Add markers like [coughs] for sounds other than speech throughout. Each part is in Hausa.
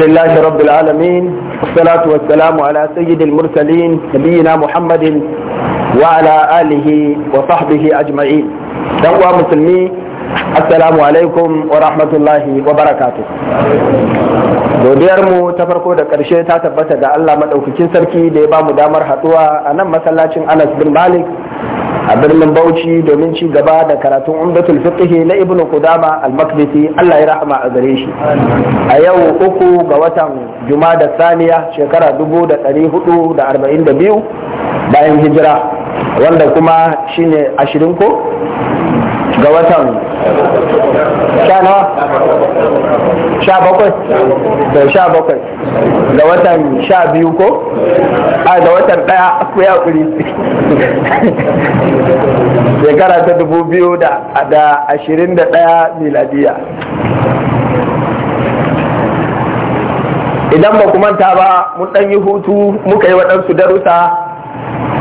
لله رب العالمين والصلاة والسلام على سيد المرسلين نبينا محمد وعلى آله وصحبه أجمعين دعوة مسلمي السلام عليكم ورحمة الله وبركاته godiyar mu ta farko da ƙarshe ta tabbata ga Allah maɗaukakin sarki da ya ba mu damar haɗuwa a nan masallacin Anas bin Malik a birnin Bauchi domin ci gaba da karatun Umdatul Fiqh na Ibnu Qudama al makdisi Allah ya rahama a gare shi a yau uku ga watan Jumada Saniya shekara 1442 bayan hijira wanda kuma shine 20 ko ga watan sha nawa sha bakwai da sha bakwai da watan sha biyu ko a da watan daya akwai hakuri shekara ta dubu biyu da ashirin da daya miladiya idan ba manta ba mun dan yi hutu muka yi waɗansu darusa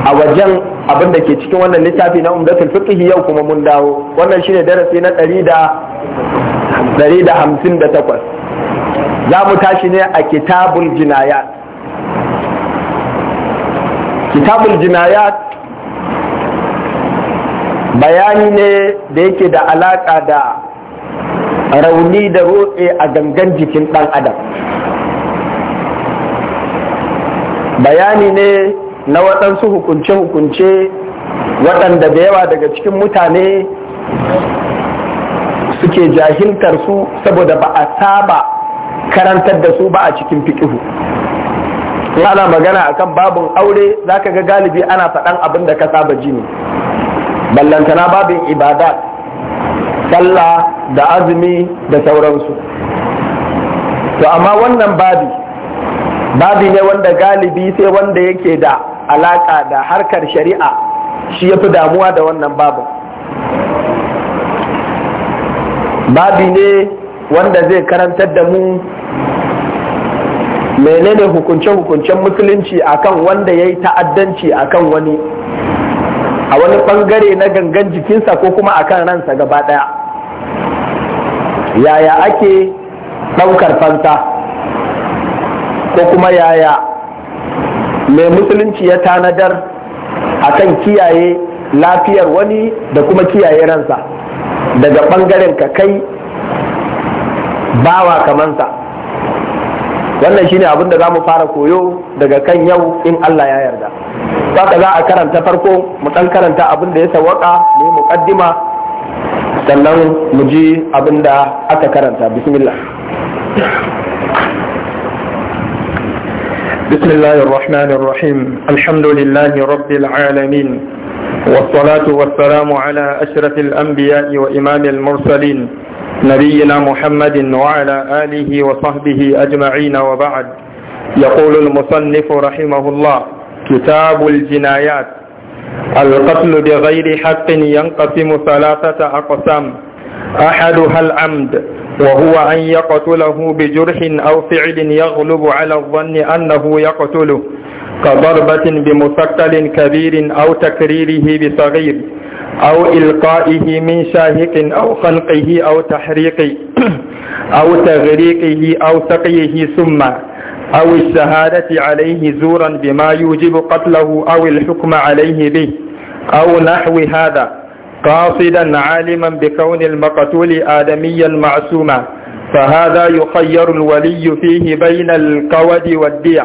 a wajen abin da ke cikin wannan littafi na umdatul fiqh yau kuma mun dawo wannan shine darasi na ɗari da hamsin da takwas za mu tashi ne a kitabul jinayat kitabul jinayat bayani ne da yake da alaƙa da rauni da roƙe a gangan jikin ɗan adam bayani ne na waɗansu hukunce-hukunce waɗanda da yawa daga cikin mutane suke jahiltar su saboda ba a saba karantar da su ba a cikin fiƙihu in ana magana akan babin aure zaka ga galibi ana faɗan abin da ka saba ji ne ballantana babin ibada sallah da azumi da sauransu to amma wannan babi babi ne wanda galibi sai wanda yake da alaƙa da harkar shari'a shi ya fi damuwa da wannan babin babi ne wanda zai karantar da mu menene hukunce-hukuncen musulunci akan wanda ya yi ta'addanci akan wani a wani bangare na gangan jikinsa ko kuma akan ransa gaba daya yaya ake daukar fanta ko kuma yaya mai musulunci ya tanadar akan kiyaye lafiyar wani da kuma kiyaye ransa daga bangaren ka kai bawa kamansa wannan shine abin da za mu fara koyo daga kan yau in Allah ya yarda saka za a karanta farko mu dan karanta abin da ya sawaka mu yi sannan mu ji abin da aka karanta bismillah بسم الله الرحمن الرحيم الحمد لله رب العالمين والصلاه والسلام على اشرف الانبياء وامام المرسلين نبينا محمد وعلى آله وصحبه أجمعين وبعد يقول المصنف رحمه الله كتاب الجنايات القتل بغير حق ينقسم ثلاثة أقسام أحدها العمد وهو أن يقتله بجرح أو فعل يغلب على الظن أنه يقتله كضربة بمثقل كبير أو تكريره بصغير أو إلقائه من شاهق أو خلقه أو تحريق [clears throat] أو تغريقه أو سقيه ثم أو الشهادة عليه زورا بما يوجب قتله أو الحكم عليه به أو نحو هذا قاصدا عالما بكون المقتول آدميا معصوما فهذا يخير الولي فيه بين القود والديع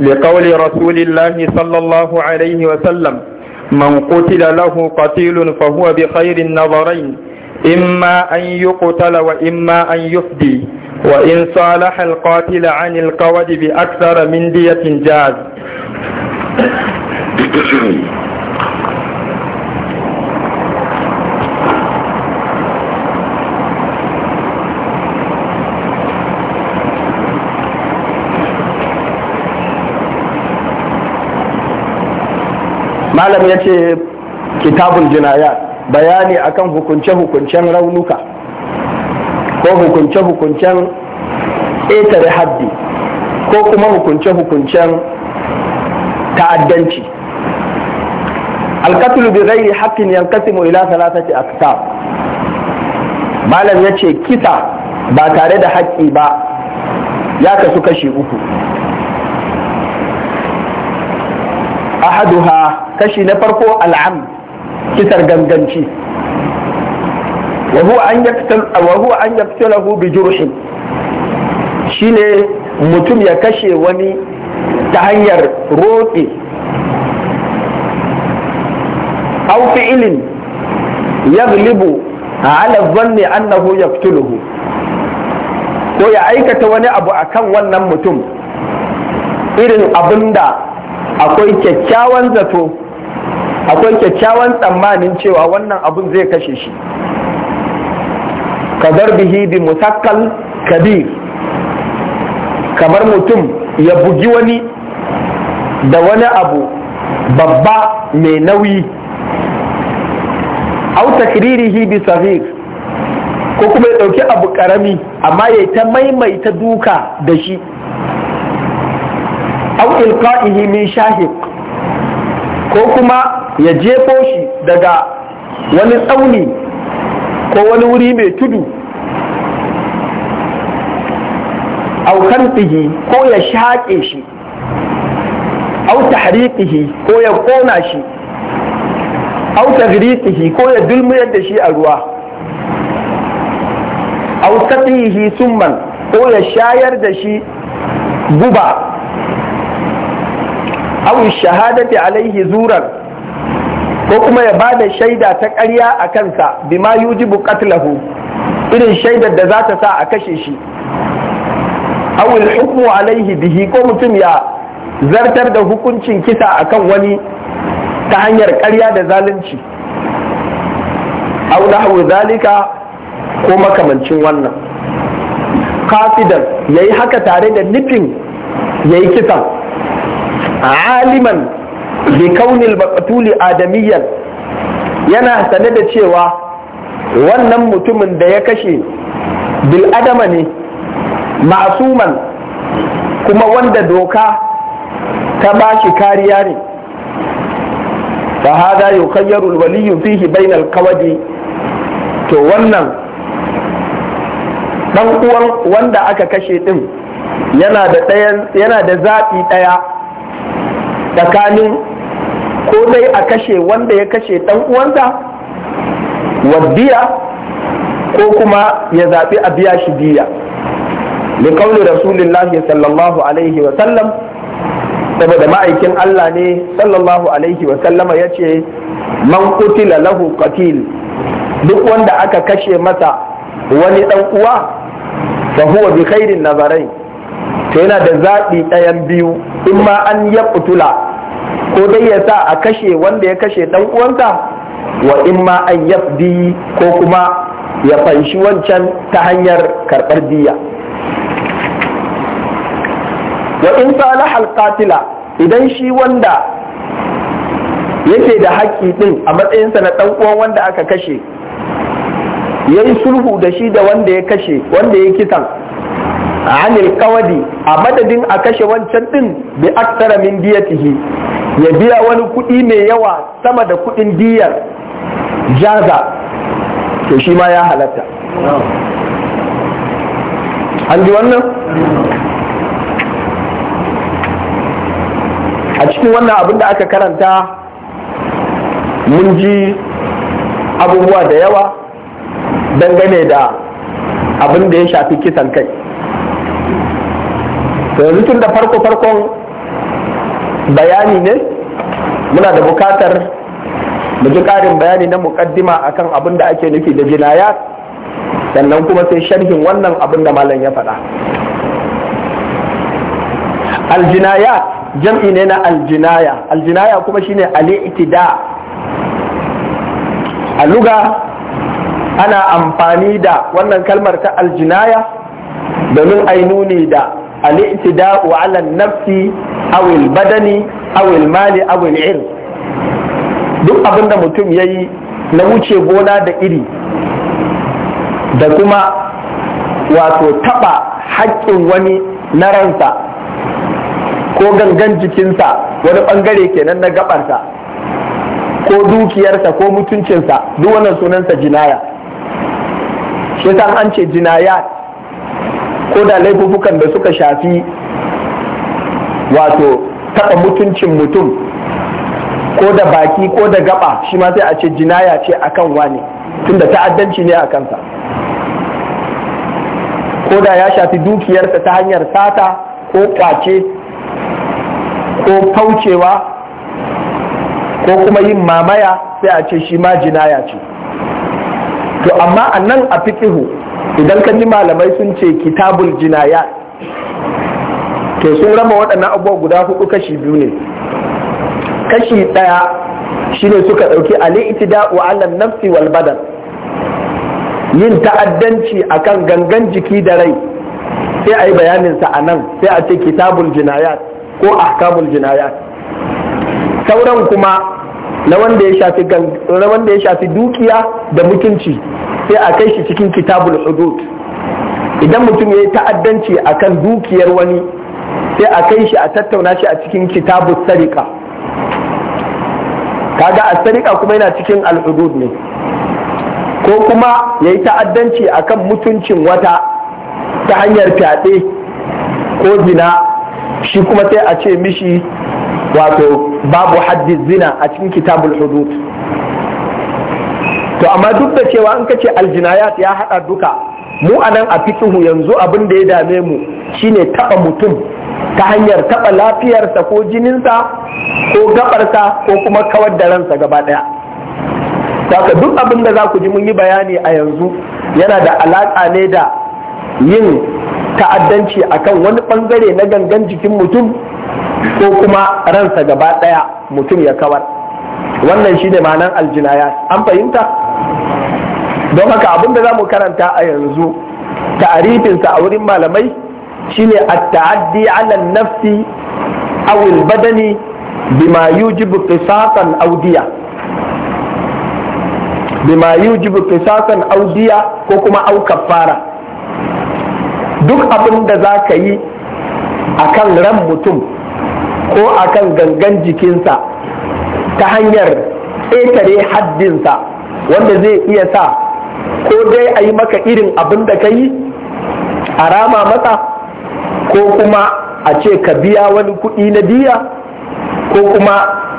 لقول رسول الله صلى الله عليه وسلم من قتل له قتيل فهو بخير النظرين إما أن يقتل وإما أن يفدي وإن صالح القاتل عن القود بأكثر من دية جاز [coughs] malam ya ce kitabul jinaya bayani akan hukunce-hukuncen raunuka ko hukunce-hukuncen etare haddi ko kuma hukunce-hukuncen ta'addanci alkatulu bi ghairi haqqin yanqasimu ila thalathati aqsam malam yace kisa ba tare da haƙƙi ba ya kasu kashi uku ahaduha kashi na farko al'am kisar ganganci wa huwa an yaktalahu bi jurhin shine mutum ya kashe wani ta hanyar roƙe aw fi'ilin yaglibu ala dhanni annahu yaqtuluhu ko ya aikata wani abu akan wannan mutum irin abinda akwai kyakkyawan zato akwai kyakkyawan tsammanin cewa wannan abun zai kashe shi ka zarbihi bi musakkal kabir kamar mutum ya bugi wani da wani abu babba mai nauyi au takririhi bi sahih ko kuma ya ɗauki abu ƙarami amma ya ta maimaita duka da shi ilqa'ihi min shahiq ko kuma ya jefo shi daga wani tsauni ko wani wuri mai tudu aukan tsihi ko ya shaƙe shi au tahriqihi ko ya kona shi au tagriqihi ko ya dulmuyar da shi a ruwa au taqihi summan ko ya shayar da shi guba aw shahadati alaihi zuran ko kuma ya bada shaida ta ƙarya a kansa bima yujibu qatlahu irin shaidar da za ta sa a kashe shi aw hukmu alaihi bihi ko mutum ya zartar da hukuncin kisa akan wani ta hanyar ƙarya da zalunci aw nahwu zalika ko makamancin wannan kafidan yayi haka tare da nufin yayi kisan عالما بكون المقتول maqtuli adamiyyan yana sane da cewa wannan mutumin da ya kashe bil'adama ne ma'suman kuma wanda doka ta bashi kariya ne fa hada yukayyaru al-waliyyu fihi bainal kawadi to wannan dan uwan wanda aka kashe din yana da zaɓi ɗaya tsakanin ko dai a kashe wanda ya kashe ɗan uwansa waddiya ko kuma ya zaɓi a biya shi biya da kauli rasulullahi sallallahu alaihi wa sallam saboda ma'aikin Allah ne sallallahu alaihi wa sallama ya ce man kutila lahu qatil duk wanda aka kashe masa wani ɗan uwa fa huwa bi khairin nazarai to yana da zaɓi ɗayan biyu in ma an ya kutula ko dai ya sa a kashe wanda ya kashe ɗan uwansa wa in ma an yafdi ko kuma ya fanshi wancan ta hanyar karɓar diya wa in salahal katila idan shi wanda yake da haƙƙi ɗin a matsayinsa na ɗan uwan wanda aka kashe ya yi sulhu da shi da wanda ya kashe wanda ya kisan anil kawadi a madadin a kashe wancan din bi aksara min diyatihi ya biya wani kuɗi mai yawa sama da kuɗin diyar jaza to shi ma ya halatta an ji wannan a cikin wannan abin da aka karanta mun ji abubuwa da yawa dangane da abin da ya shafi kisan kai to yanzu tun da farko farkon bayani ne muna da bukatar mu ji ƙarin bayani na muƙaddima akan abin da ake nufi da jinayat sannan kuma sai sharhin wannan abin da malam ya faɗa aljinayat jam'i ne na aljinaya aljinaya kuma shine al'itida a luga ana amfani da wannan kalmar ta aljinaya domin ainuni da al-i'tida'u 'ala an-nafsi aw al-badani aw al-mali aw al duk abinda mutum yayi na wuce gona da iri da kuma wato taba haƙƙin wani na ransa ko gangan jikinsa wani bangare kenan na gabarsa ko dukiyarsa ko mutuncinsa duk wannan sunansa jinaya shi an ce jinaya ko da laifukan da suka shafi wato taɓa mutuncin mutum ko da baki ko da gaba shi ma sai a ce jinaya ce kan wani tunda ta'addanci ne a kansa ko da ya shafi dukiyarsa ta hanyar sata ko kwace ko kaucewa ko kuma yin mamaya sai a ce shi ma jinaya ce to amma a nan a fikihu idan kan ji malamai sun ce kitabul jinaya to sun raba waɗannan abubuwa guda hudu kashi biyu ne kashi ɗaya shine suka ɗauki ali itida wa alan nafsi wal badan yin ta'addanci akan gangan jiki da rai sai a yi bayaninsa a nan sai a ce kitabul jinayat ko ahkamul jinayat sauran kuma na wanda ya shafi dukiya da mutunci sai a kai shi cikin kitabul hudud idan mutum ya yi ta'addanci akan dukiyar wani sai a kai shi a tattauna shi a cikin kitabul sarika kaga a sarika kuma yana cikin al'udud ne ko kuma ya yi ta'addanci kan mutuncin wata ta hanyar fyaɗe ko zina shi kuma sai a ce mishi wato babu haddi zina a cikin kitabul hudud to amma duk da cewa an kace aljinayat ya hada duka mu anan a fikihu yanzu abin da ya dame mu shine taba mutum ta hanyar taba lafiyarsa ko jininsa ko gabarsa ko kuma kawar da ransa gaba daya saka duk abin da za ku ji mun yi bayani a yanzu yana da alaka ne da yin ta'addanci akan wani bangare na gangan jikin mutum ko kuma ransa gaba ɗaya mutum ya kawar wannan shi ne ma'anar aljinaya an fahimta don haka abin da za mu karanta a yanzu ta'arifinsa a wurin malamai shine at-ta'addi 'ala an-nafsi aw al-badani bima yujibu qisasan aw diya bima yujibu qisasan aw ko kuma aw kaffara duk abin da za ka yi a kan ran mutum ko a kan gangan jikinsa ta hanyar ƙetare haddinsa wanda zai iya sa ko dai a yi maka irin abin da ka yi a rama masa ko kuma a ce ka biya wani kuɗi na biya ko kuma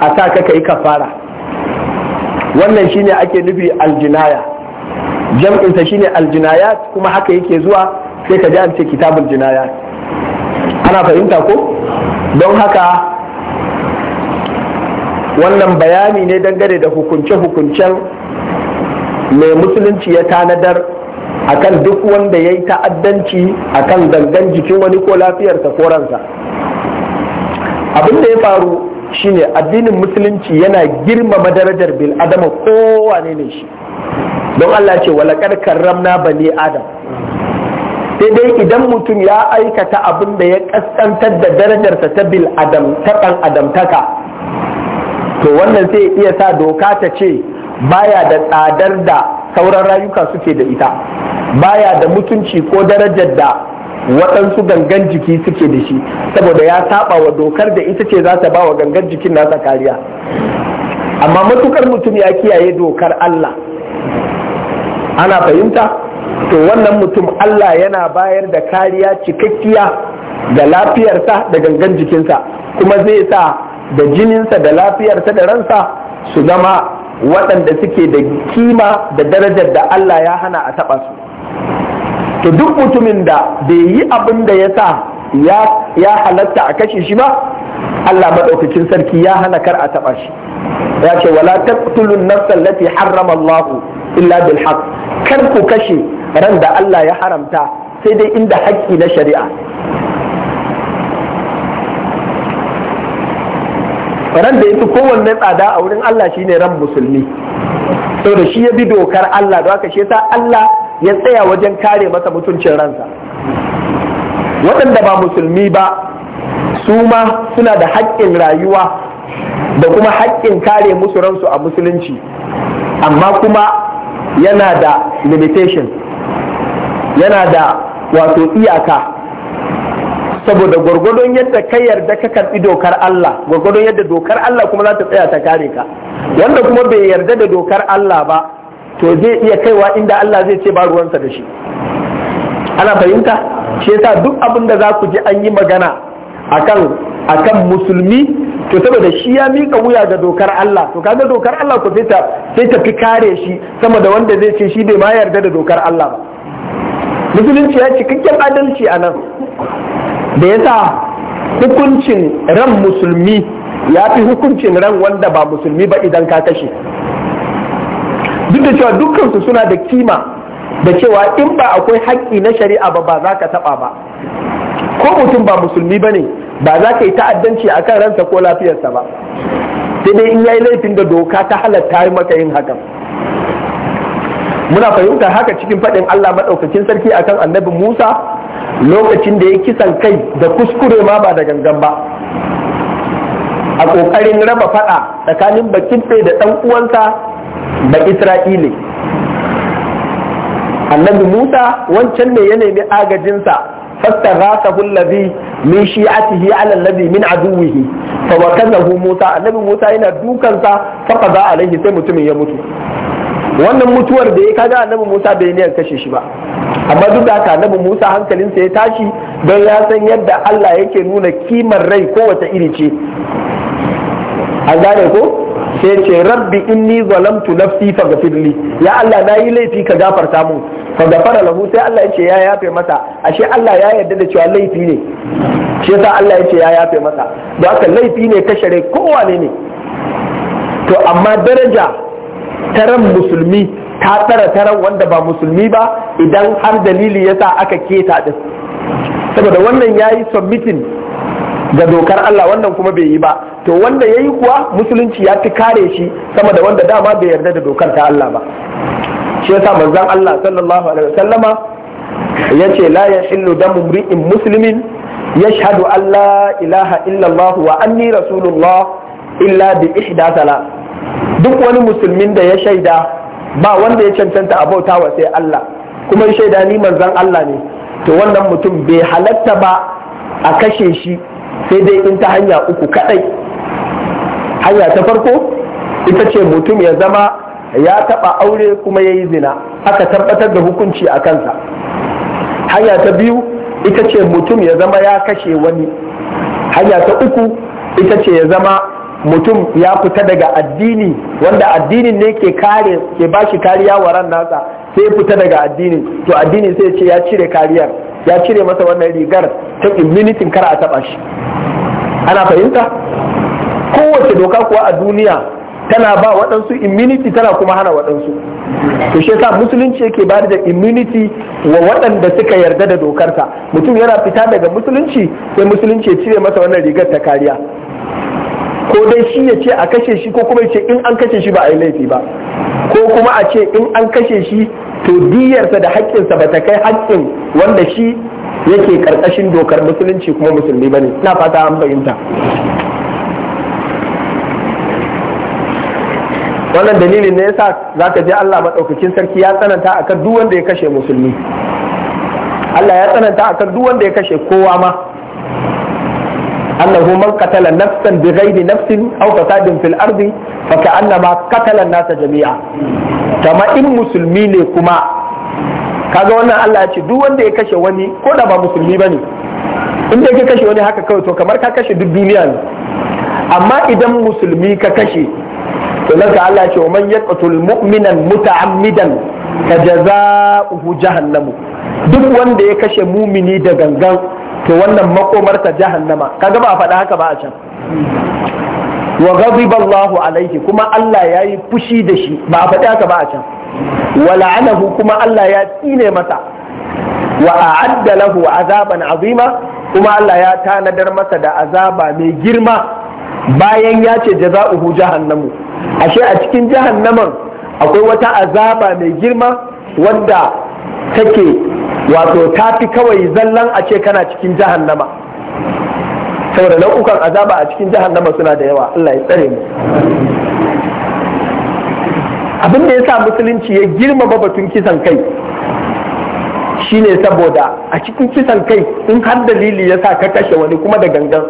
a sa ka yi kafara wannan shine ake nufi aljinaya jam'insa shine aljinaya kuma haka yake zuwa sai ka ji an ce kitabul jinaya ana fahimta ko don haka wannan bayani ne dangane da hukunce-hukuncen mai musulunci ya tanadar a kan duk wanda ya yi ta'addanci a kan gangan jikin wani ko lafiyarsa ko ransa abin da ya faru shine addinin musulunci yana girmama darajar bil adama kowane ne shi don Allah ce walakar karramna bani adam sai dai idan mutum ya aikata abin da ya kaskantar da darajarsa ta bil adam ta ɗan adamtaka to wannan sai iya sa doka ta ce baya da tsadar da sauran rayuka suke da ita baya da mutunci ko darajar da waɗansu gangan jiki suke da shi saboda ya saba wa dokar da ita ce za ta ba wa gangan jikin nasa kariya amma matukar mutum ya kiyaye dokar Allah ana fahimta to wannan mutum Allah yana bayar da kariya cikakkiya da lafiyarsa da gangan jikinsa kuma zai sa da jininsa da lafiyarsa da ransa su zama waɗanda suke da kima da darajar da Allah ya hana a taɓa su to duk mutumin da bai yi abin da ya sa ya halatta a kashe shi ba Allah maɗaukacin sarki ya hana kar a taɓa shi ya ce wala taqtulun nafsan lati harrama Allah illa bil haqq kar ku kashe ran da Allah ya haramta sai dai inda haƙƙi na shari'a ran da ya fi kowanne tsada a wurin Allah shine ran musulmi da shi ya bi dokar Allah da haka shi ta Allah ya tsaya wajen kare masa mutuncin ransa waɗanda ba musulmi ba su ma suna da haƙƙin rayuwa da kuma haƙƙin kare musu ransu a musulunci amma kuma yana da limitation yana da wato iyaka saboda gwargwadon yadda ka yarda ka karbi dokar Allah gwargwadon yadda dokar Allah kuma za ta tsaya ta kare ka wanda kuma bai yarda da dokar Allah ba to zai iya kaiwa inda Allah zai ce ba ruwansa da shi ana fahimta shi yasa duk abin da za ku ji an yi magana akan akan musulmi to saboda shi ya mika wuya ga dokar Allah to kaga dokar Allah ku sai ta sai ta fi kare shi sama da wanda zai ce shi bai ma yarda da dokar Allah ba musulunci ya cikakken adalci a nan da ya sa hukuncin ran musulmi ya fi hukuncin ran wanda ba musulmi ba idan ka kashe duk da cewa dukkansu suna da kima da cewa in ba akwai haƙƙi na shari'a ba ba za ka taɓa ba ko mutum ba musulmi ba ne ba za ka yi ta'addanci a kan ransa ko lafiyarsa ba sai dai in yayi laifin da doka ta halatta maka yin hakan muna fahimta haka cikin faɗin Allah maɗaukakin sarki akan annabi Musa lokacin da ya kisan kai da kuskure ma ba da gangan ba a ƙoƙarin raba faɗa tsakanin bakin da ɗan uwansa ba Isra'ile annabi Musa wancan ne ya nemi agajinsa فاستغاثه الذي min شيعته fa الذي من Musa annabi Musa yana dukansa fa qada alaihi sai mutumin ya mutu. wannan mutuwar da ya kaga annabi Musa bai niyyar kashe shi ba amma duk da haka annabi Musa hankalinsa ya tashi don ya san yadda Allah yake nuna kimar rai kowace iri ce an gane ko sai ce rabbi inni zalamtu nafsi faghfirli ya Allah na yi laifi ka gafarta mun fa gafara lahu sai Allah ya ce ya yafe masa ashe Allah ya yarda da cewa laifi ne shi yasa Allah ya ce ya yafe masa don haka laifi ne kashe rai kowane ne to amma daraja taran musulmi ta tsara taran wanda ba musulmi ba idan har dalili yasa aka keta din saboda wannan ya yayi submitting ga dokar Allah wannan kuma bai yi ba to wanda ya yi kuwa musulunci ya fi kare shi sama da wanda dama bai yarda da dokar ta Allah ba shi yasa manzon Allah sallallahu alaihi wasallama ce la yahillu damu mri'in muslimin yashhadu an la ilaha illallah wa anni rasulullah illa bi ihda salat duk wani musulmin da ya shaida ba wanda ya cancanta a bauta wa sai Allah kuma ya shaida ni manzan Allah ne to wannan mutum bai halatta ba a kashe shi sai dai in ta hanya uku kadai hanya ta farko ita ce mutum ya zama ya taba aure kuma ya yi zina aka tabbatar da hukunci a kansa hanya ta biyu ita ce mutum ya zama ya kashe wani hanya ta uku ita ce ya zama mutum ya fita daga addini wanda addinin ne ke kare ke ba shi kariya wa ran nasa sai ya fita daga addini to addini sai ce ya cire kariyar ya cire masa wannan rigar ta immunitin kar a taba shi ana fahimta kowace doka kuwa a duniya tana ba waɗansu immunity tana kuma hana waɗansu to shi yasa musulunci yake ba da immunity wa waɗanda suka yarda da dokarta mutum yana fita daga musulunci sai musulunci ya cire masa wannan rigar ta kariya ko dai shi ya ce a kashe shi ko kuma ya ce in an kashe shi ba a yi laifi ba ko kuma a ce in an kashe shi to diyarsa da haƙƙinsa ba ta kai haƙƙin wanda shi yake ƙarƙashin dokar musulunci kuma musulmi ba ne na fata an bayyanta wannan dalilin ne yasa za ka je Allah maɗaukakin sarki ya tsananta kan duk wanda ya kashe musulmi Allah ya tsananta akan duk wanda ya kashe kowa ma annahu man qatala nafsan bighairi nafsin aw fasadin fil ardi fa ka'annama qatala nasa jami'a kama in musulmi ne kuma kaga wannan Allah ya ce duk wanda ya kashe wani ko da ba musulmi bane in da ka kashe wani haka kawai to kamar ka kashe duk duniya ne amma idan musulmi ka kashe to nan Allah ya ce wa man yaqtul mu'minan muta'ammidan fa jazaohu jahannam duk wanda ya kashe mumini da gangan to wannan makomarta jahannama kaga ba faɗa haka ba a can wa ghadiba Allahu alaihi kuma Allah yayi fushi da shi ba a faɗi haka ba a can wa la'anahu kuma Allah ya tsine masa wa a'adda lahu azaban azima kuma Allah ya tanadar masa da azaba mai girma bayan ya ce jaza'uhu jahannamu ashe a cikin jahannaman akwai wata azaba mai girma wanda take wato ta fi kawai zallan a ce kana cikin jahannama saboda nau'ukan azaba a cikin nama suna da yawa Allah ya tsare mu abin da ya sa musulunci ya girmama batun kisan kai shine saboda a cikin kisan kai in har dalili ya sa ka kashe wani kuma da gangan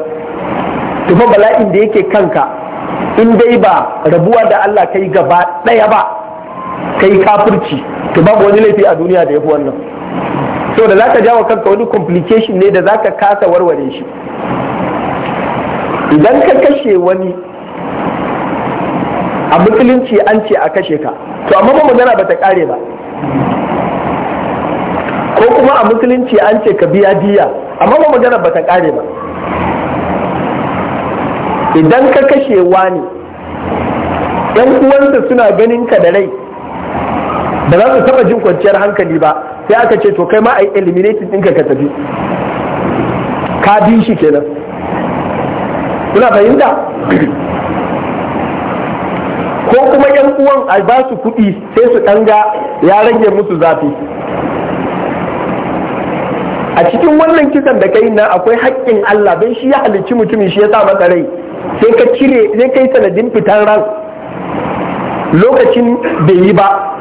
tufa bala'in da yake kanka in dai ba rabuwa da Allah kai gaba ɗaya ba kai kafirci to babu wani laifi a duniya da ya fi wannan so da zaka jawo kanka wani complication ne da zaka kasa warware shi idan ka kashe wani a musulunci an ce a kashe ka to amma ba magana ba ta kare ba ko kuma a musulunci an ce ka biya diya amma ba magana ba ta kare ba idan ka kashe wani yan uwansa suna ganin ka da rai ba za su taba jin kwanciyar hankali ba sai aka ce to kai ma a yi eliminating ka tafi ka bi shi kenan kuna fahimta ko kuma yan uwan a ba su kuɗi sai su ɗanga ya rage musu zafi a cikin wannan kisan da kai na akwai haƙƙin Allah don shi ya halicci mutumin shi ya sa masa rai sai ka cire sai kai sanadin fitan ran lokacin bai yi ba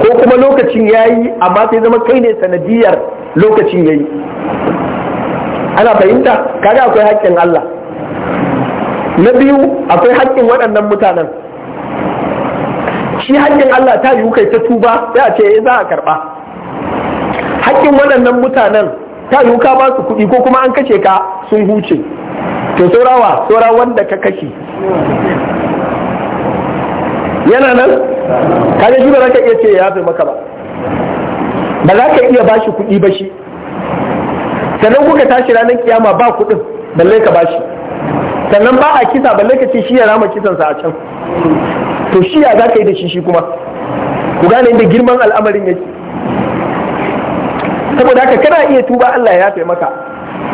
ko kuma lokacin ya yi amma sai zama kai ne sanadiyar lokacin ya yi ana fahimta kaga akwai haƙƙin Allah na biyu akwai haƙƙin waɗannan mutanen shi haƙƙin Allah ta yi kai ta tuba sai a ce eh, za a karɓa haƙƙin waɗannan mutanen ta yi ka ba su kuɗi ko kuma an kashe ka sun huce to saurawa saura wanda ka kashe yana nan kaga shi ba ka iya ce ya yafe maka ba ba za ka iya bashi kuɗi ba shi sannan kuka tashi ranar kiyama ba kuɗin balle ka bashi sannan ba a kisa balle ka ce shi ya rama kisansa a can to shi ya za ka yi da shi shi kuma ku gane inda girman al'amarin yake saboda haka kana iya tuba Allah ya yafe maka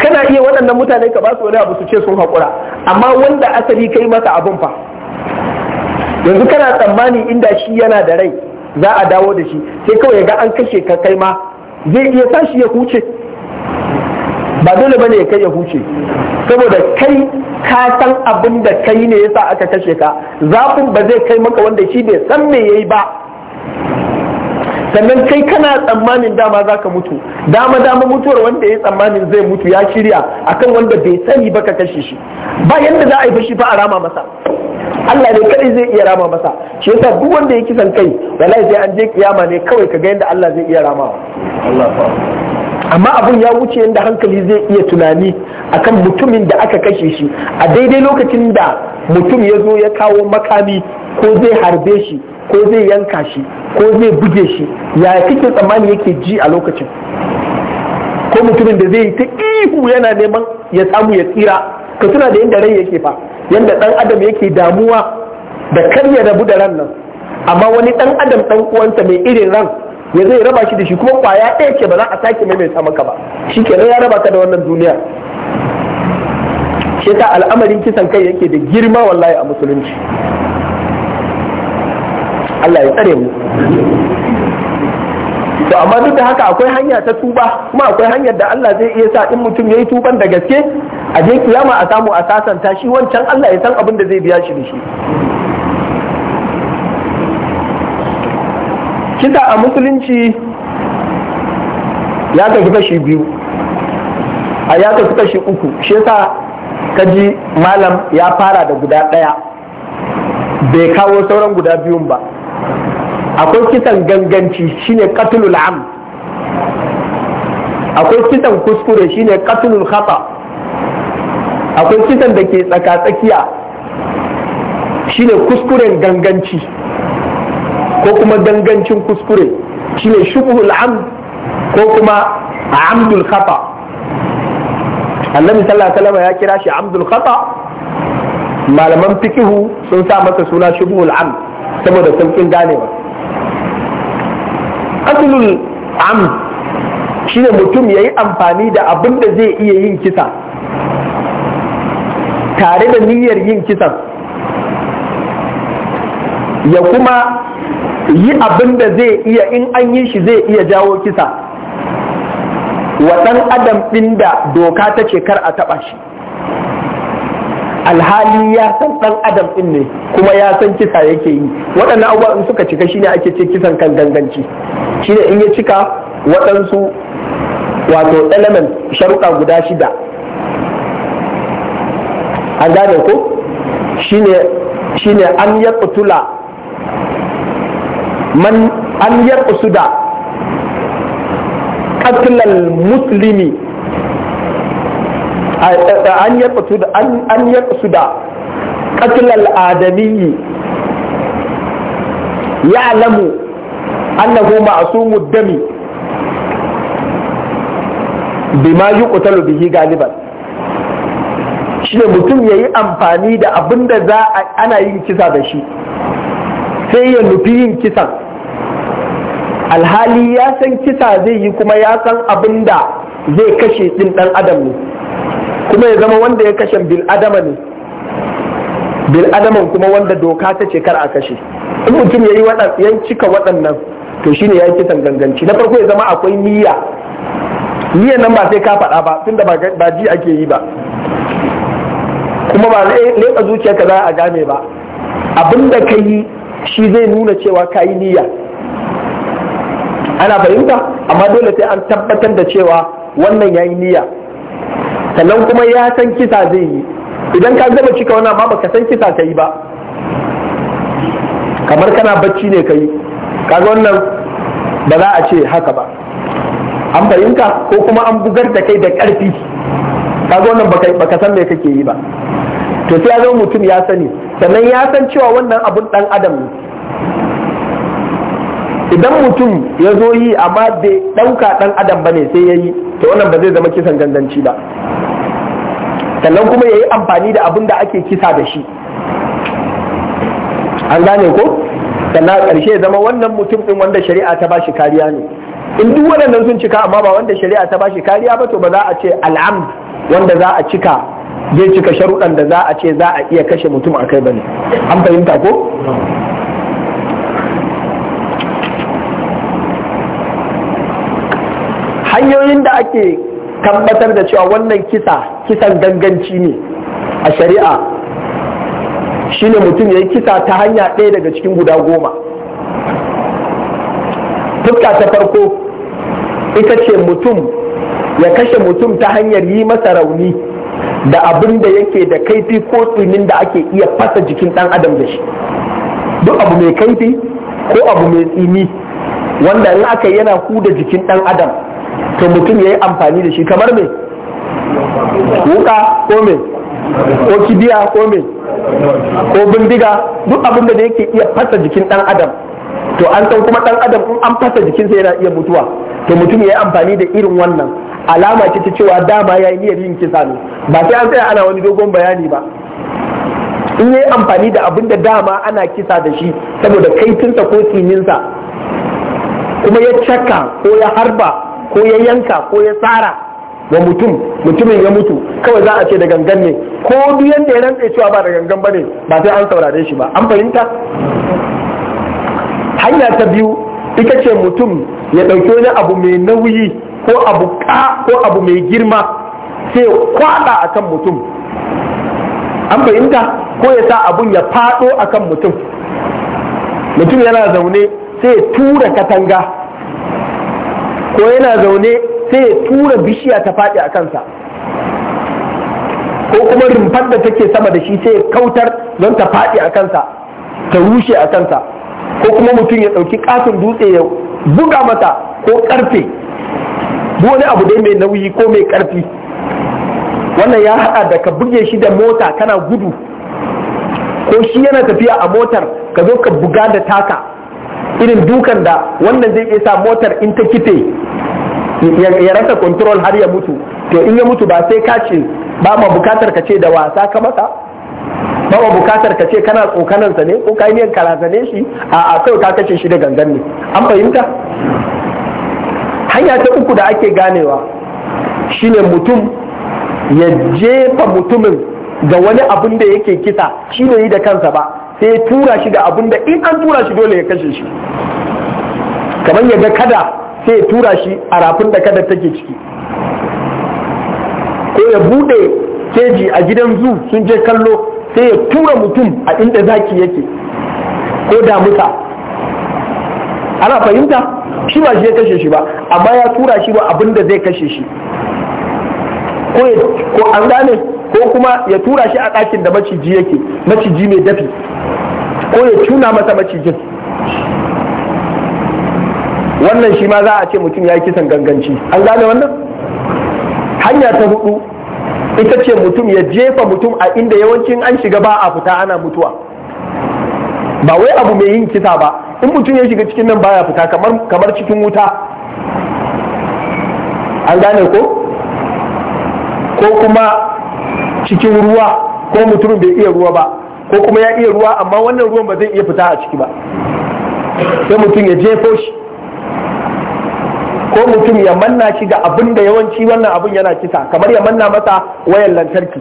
kana iya waɗannan mutane ka ba su wani abu su ce sun haƙura amma wanda asali kai masa abin fa yanzu kana tsammani inda shi yana da rai za a dawo da shi sai kawai ga an kashe ka kai ma zai iya tashi ya huce ba dole bane ya kai ya huce saboda kai ka san abin da kai ne yasa aka kashe ka zafin ba zai kai maka wanda shi bai san me yayi ba sannan kai kana tsammanin dama za ka mutu dama dama mutuwar wanda ya tsammanin zai mutu ya shirya akan wanda bai sani ba ka kashe shi ba yadda za a yi fashi ba a rama masa Allah ne kai zai iya rama masa shi yasa duk wanda ya kisan kai wallahi sai an je kiyama ne kawai ka ga yadda Allah zai iya ramawa amma abun ya wuce yanda hankali zai iya tunani akan mutumin da aka kashe shi a daidai lokacin da mutum ya zo ya kawo makami ko zai harbe shi ko zai yanka shi ko zai buge shi ya kike tsammani yake ji a lokacin ko mutumin da zai yi ta ihu yana neman ya samu ya tsira ka tuna da yadda rai yake fa yadda ɗan adam yake damuwa da karya rabu da ran nan amma wani ɗan adam ɗan uwansa mai irin ran ya zai raba shi da shi kuma kwaya ɗaya ce ba za a sake maimaita maka ba shi kenan ya raba ka da wannan duniya shi ta al'amarin kisan kai yake da girma wallahi a musulunci Allah ya tsare mu to amma duk da haka akwai hanya ta tuba kuma akwai hanyar da Allah zai iya sa in mutum yayi tuban da gaske a je kiyama a samu a sasanta shi wancan Allah ya san abin da zai biya shi da shi kisa a musulunci ya kasu kashi biyu a ya kasu kashi uku shi yasa kaji malam ya fara da guda ɗaya bai kawo sauran guda biyun ba akwai kisan ganganci shine qatlul am akwai kisan kuskure shine qatlul khata akwai kisan da ke tsaka-tsakiya shine kuskuren ganganci ko kuma gangancin kuskure shine shubuhul am ko kuma amdul khata annabi sallallahu alaihi wasallam ya kira shi amdul khata malaman fikihu sun sa masa suna shubuhul am saboda sun kin gane qatlul am shine mutum ya yi amfani da abin da zai iya yin kisa tare da niyyar yin kisa ya kuma yi abin da zai iya in an yi shi zai iya jawo kisa wa ɗan adam ɗin da doka ta ce kar a taɓa shi alhali ya san dan adam din ne kuma ya san kisa yake yi waɗannan abubuwa in suka cika shine ake ce kisan kan ganganci shine in ya cika waɗansu wato element sharuɗa guda shida an gane ko shine ne an ya kutula man an ya kusuda ƙatilal musulmi an yaqsu da qatl al ya lamu annahu ma'sumu dami bima yuqtalu bihi galiban ne mutum yayi amfani da abinda za a ana yin kisa da shi sai ya nufi yin kisan alhali ya san kisa zai yi kuma ya san abinda zai kashe ɗin ɗan adam ne kuma ya zama wanda ya kashe bil adama ne bil adaman kuma wanda doka ta ce kar a kashe in mutum yayi wadan cika waɗannan to shine ya kisan ganganci na farko ya zama akwai niyya Niyan nan ba sai ka faɗa ba tunda ba ji ake yi ba kuma ba zuciya zuciyarka za a game ba abinda ka yi shi zai nuna cewa ka yi niyya ana fahimta amma dole sai an tabbatar da cewa wannan ya yi niyya sannan kuma ya san kisa zai yi idan ka gama cika wani amma baka san kisa ka yi ba kamar kana bacci ne ka yi kaga wannan ba za a ce haka ba an fahimta ko kuma an bugar da kai da ƙarfi kaga wannan baka san me kake yi ba to sai ya zama mutum ya sani sannan ya san cewa wannan abun dan adam ne idan mutum ya zo yi amma bai ɗauka ɗan adam ba ne sai ya yi to wannan ba zai zama kisan gandanci ba sannan kuma ya yi amfani da abin da ake kisa da shi an gane ko sannan ƙarshe ya zama wannan mutum ɗin wanda shari'a ta bashi kariya ne in duk waɗannan sun cika amma ba wanda shari'a ta bashi kariya ba to ba za a ce al'am wanda za a cika zai cika sharuɗan da za a ce za a iya kashe mutum a kai ba ne an fahimta ko hanyoyin da ake tabbatar da cewa wannan kisa kisan ganganci ne a shari'a shine mutum ya yi kisa ta hanya ɗaya daga cikin guda goma fuska ta farko ita ce mutum ya kashe mutum ta hanyar yi masa rauni da abin da yake da kaifi ko tsinin da ake iya fasa jikin ɗan adam da shi duk abu mai kaifi ko abu mai tsini wanda in aka yana huda jikin ɗan adam to mutum ya yi amfani da shi kamar mai wuka ko me ko kibiya ko me ko bindiga duk abin da yake iya fasa jikin dan adam to an san kuma dan adam in an fasa jikinsa yana iya mutuwa to mutum ya yi amfani da irin wannan alama ce ta cewa dama ya yi niyyar yin kisa ne ba sai an tsaya ana wani dogon bayani ba in yi amfani da abin da dama ana kisa da shi saboda kaitinsa ko tsininsa kuma ya caka ko ya harba ko ya yanka ko ya tsara wa mutum mutumin ya mutu kawai za a ce da gangan ne ko duk yanda ya rantse cewa ba da gangan bane ba sai an saurare shi ba an fahimta hanya ta biyu ita ce mutum ya ɗauki wani abu mai nauyi ko abu ka ko abu mai girma sai kwaɗa akan mutum an fahimta ko ya sa abun ya faɗo akan mutum mutum yana zaune sai ya tura katanga ko yana zaune sai ya tura bishiya ta faɗi a kansa ko kuma rumfar da take sama da shi sai ya kautar don ta faɗi a kansa ta rushe a kansa ko kuma mutum ya ɗauki ƙasin dutse ya buga mata ko ƙarfe wani abu dai mai nauyi ko mai ƙarfi wannan ya haɗa da ka buge shi da mota kana gudu ko shi yana tafiya a motar ka zo ka buga da taka irin dukan da wannan zai iya sa motar in ta kife ya rasa control har ya mutu to in ya mutu ba sai ka ce ba ma bukatar ka ce da wasa ka masa ba ma bukatar ka ce kana tsokanan sa ne ko ka yi shi a a kai ka kace shi da gangan ne an fahimta hanya ta uku da ake ganewa shine mutum ya jefa mutumin ga wani abin da yake kisa shi ne yi da kansa ba sai ya tura shi da abin da in an tura shi dole ya kashe shi kamar ya ga kada sai ya tura shi a rafin da kadar take ciki ko ya bude keji a gidan zu sun je kallo sai ya tura mutum a inda zaki yake ko damusa ana fahimta shi ba shi ya kashe shi ba amma ya tura shi ba abin da zai kashe shi ko an gane ko kuma ya tura shi a ɗakin da maciji yake maciji mai dafi ko ya tuna masa macijin wannan shi ma za a ce mutum ya yi kisan ganganci an gane wannan hanya ta hudu ita ce mutum ya jefa mutum a inda yawancin an shiga ba a fita ana mutuwa ba wai abu mai yin kisa ba in mutum ya shiga cikin nan baya fita kamar cikin wuta an gane ko ko kuma cikin ruwa ko mutumin bai iya ruwa ba ko kuma ya iya ruwa amma wannan ruwan ba zai iya fita a ciki ba sai mutum ya jefo shi ko mutum ya manna shi da abin da yawanci wannan abin yana kisa kamar ya manna masa wayan lantarki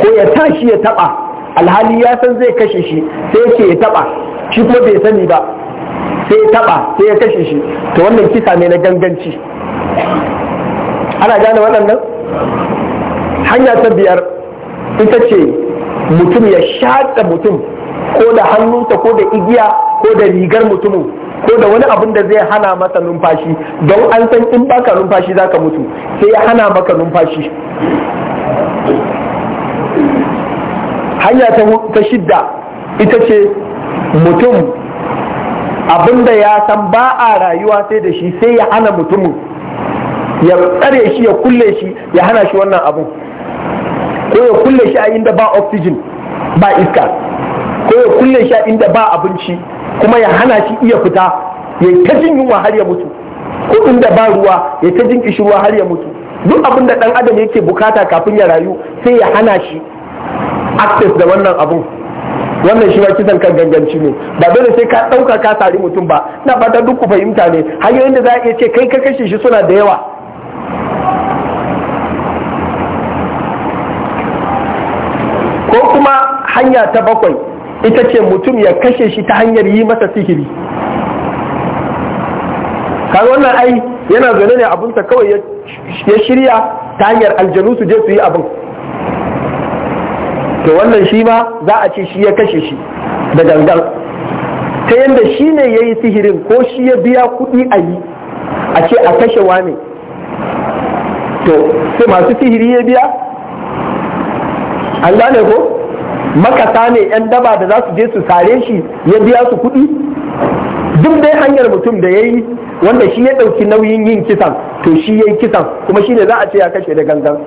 ko ya tashi ya taba alhali ya san zai kashe shi sai yake ya taba shi kuma bai sani ba sai ya taba sai ya kashe shi to wannan kisa ne na ganganci ana gane waɗannan hanya ta biyar ita ce mutum ya shaƙa mutum ko da hannunsa ko da igiya ko da rigar mutumin ko da wani abin da zai hana masa numfashi don an san in baka numfashi zaka mutu sai ya hana maka numfashi hanya ta shidda ita ce mutum da ya san ba a rayuwa sai da shi sai ya hana mutumin ya tsare shi ya kulle shi ya hana shi wannan abin ko ya kulle shi a inda ba oxygen ba iska ko ya kulle shi a inda ba abinci kuma ya hana shi iya fita ya ta jin yunwa har ya mutu ko inda ba ruwa ya ta jin kishirwa har ya mutu duk abin da dan adam yake bukata kafin ya rayu sai ya hana shi access da wannan abun wannan shi ma kisan kan ganganci ne ba dole sai ka ɗauka ka sari mutum ba na fata duk ku fahimta ne hanyoyin da za a iya ce kai ka kashe shi suna da yawa ko kuma hanya ta bakwai ita ce mutum ya kashe shi ta hanyar yi masa sihiri kaga wannan ai yana zane ne abinsa kawai ya shirya ta hanyar aljanu su je su yi abin to wannan shi ma za a ce shi ya kashe shi da gangan ta yadda shi ne ya yi sihirin ko shi ya biya kuɗi a yi a ce a kashe wane to sai masu sihiri ya biya Allah ne ko makasa ne yan daba da za su je su sare shi ya biya su kuɗi duk dai hanyar mutum da ya yi wanda shi ya ɗauki nauyin yin kisan to shi ya yi kisan kuma shi ne za a ce ya kashe da gangan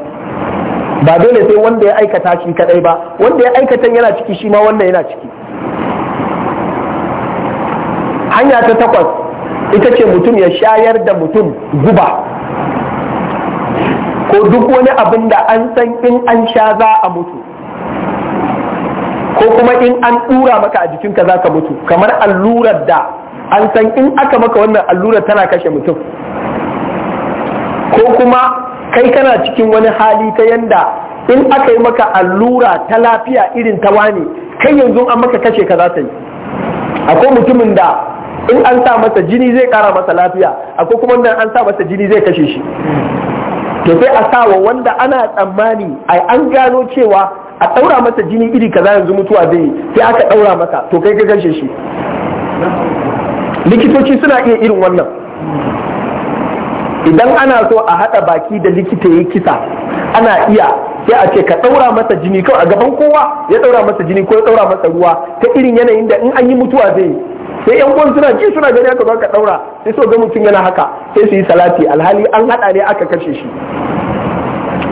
ba dole sai wanda ya aikata shi kadai ba wanda ya aikatan yana ciki shi ma wannan yana ciki hanya ta takwas ita ce mutum ya shayar da mutum guba ko duk wani abin da an san in an sha za a mutu ko kuma in an ɗura maka a jikinka za ka mutu kamar allurar da an san in aka maka wannan allurar tana kashe mutum ko kuma kai kana cikin wani hali ta yanda in aka yi maka allura ta lafiya irin ta wani kai yanzu an maka kashe ka za ta yi akwai mutumin da in an sa masa jini zai kara masa lafiya akwai kuma wanda an sa masa jini zai kashe shi to sai a sawa wanda ana tsammani ai an gano cewa a ɗaura masa jini iri kaza yanzu mutuwa zai yi sai aka ɗaura masa to kai ka ganshe shi likitoci suna iya irin wannan idan ana so a haɗa baki da likita ya kisa ana iya sai a ce ka ɗaura masa jini kawai a gaban kowa ya ɗaura masa jini ko ya ɗaura masa ruwa ta irin yanayin da in an yi mutuwa zai yi sai yan uwan suna ji suna gani aka zo ka ɗaura sai so ga mutum yana haka sai su yi salati alhali an haɗa ne aka kashe shi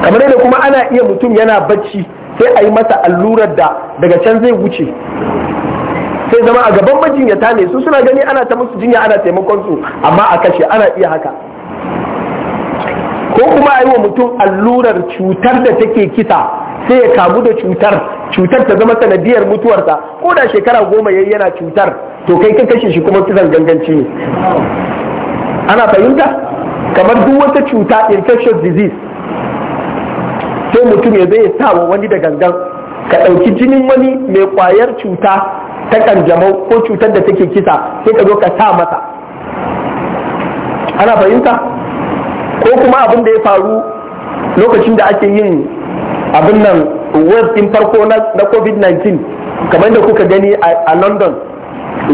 kamar yadda kuma ana iya mutum yana bacci sai a yi masa allurar da daga can zai wuce sai zama a gaban majinyata ne su suna gani ana ta musu jinya ana taimakon su amma a kashe ana iya haka ko kuma a yi wa mutum allurar cutar da take kisa sai ya kamu da cutar cutar ta zama sanadiyar mutuwarsa ko da shekara goma yayi yana cutar to kai ka kashe shi kuma kisan ganganci ne ana fahimta kamar duk wata cuta infectious disease sai mutum ya zai sa wa wani da gangan ka ɗauki jinin wani mai ƙwayar cuta ta ƙanjamau ko cutar da take kisa sai ka zo ka sa masa ana fahimta ko kuma abin da ya faru lokacin da ake yin abin nan web ɗin farko na covid-19 kamar da kuka gani a london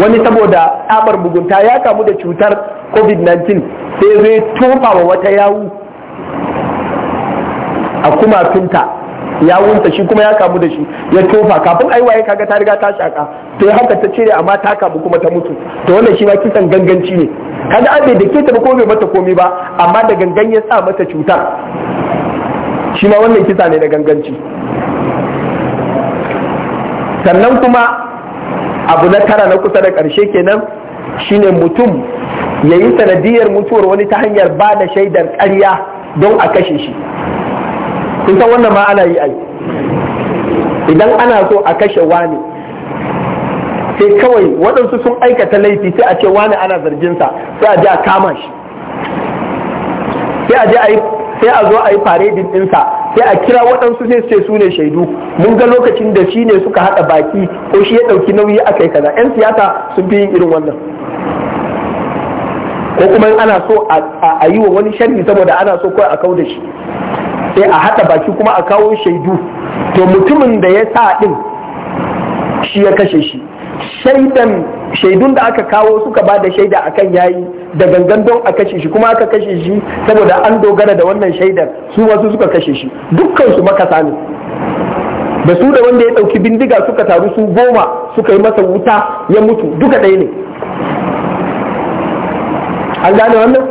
wani saboda ɗabar mugunta ya kamu da cutar covid-19 sai zai tofa wa wata yawu a kuma finta ya wunta shi kuma ya kamu da shi ya tofa kafin ai waye kaga ta riga ta shaka to ya haka ta cire amma ta kamu kuma ta mutu to wannan shi ma kisan ganganci ne kaga an bai dake ta ba ko bai mata komai ba amma da gangan ya sa mata cuta shi ma wannan kisa ne da ganganci sannan kuma abu na tara na kusa da karshe kenan shine mutum ya yi sanadiyar mutuwar wani ta hanyar ba da shaidar ƙarya don a kashe shi kun san wannan ma ana yi ai idan ana so a kashe wani sai kawai waɗansu sun aikata laifi sai a ce wani ana sa sai a je a kama shi sai a je a yi sai a zo a yi faredin ɗinsa sai a kira waɗansu sai ce su ne shaidu mun ga lokacin da shi ne suka haɗa baki ko shi ya ɗauki nauyi a kai kaza 'yan siyasa sun fi yin irin wannan ko kuma ana so a yi wa wani sharri saboda ana so kawai a kau da shi sai a haɗa baki kuma a kawo shaidu to mutumin da ya sa ɗin shi ya kashe shi shaidan shaidun da aka kawo suka ba da shaida akan yayi da gangan don a kashe shi kuma aka kashe shi saboda an dogara da wannan shaidar su wasu suka kashe shi dukkan su makasa ne da su da wanda ya ɗauki bindiga suka taru su goma suka yi masa wuta ya mutu duka ɗaya ne an gane wannan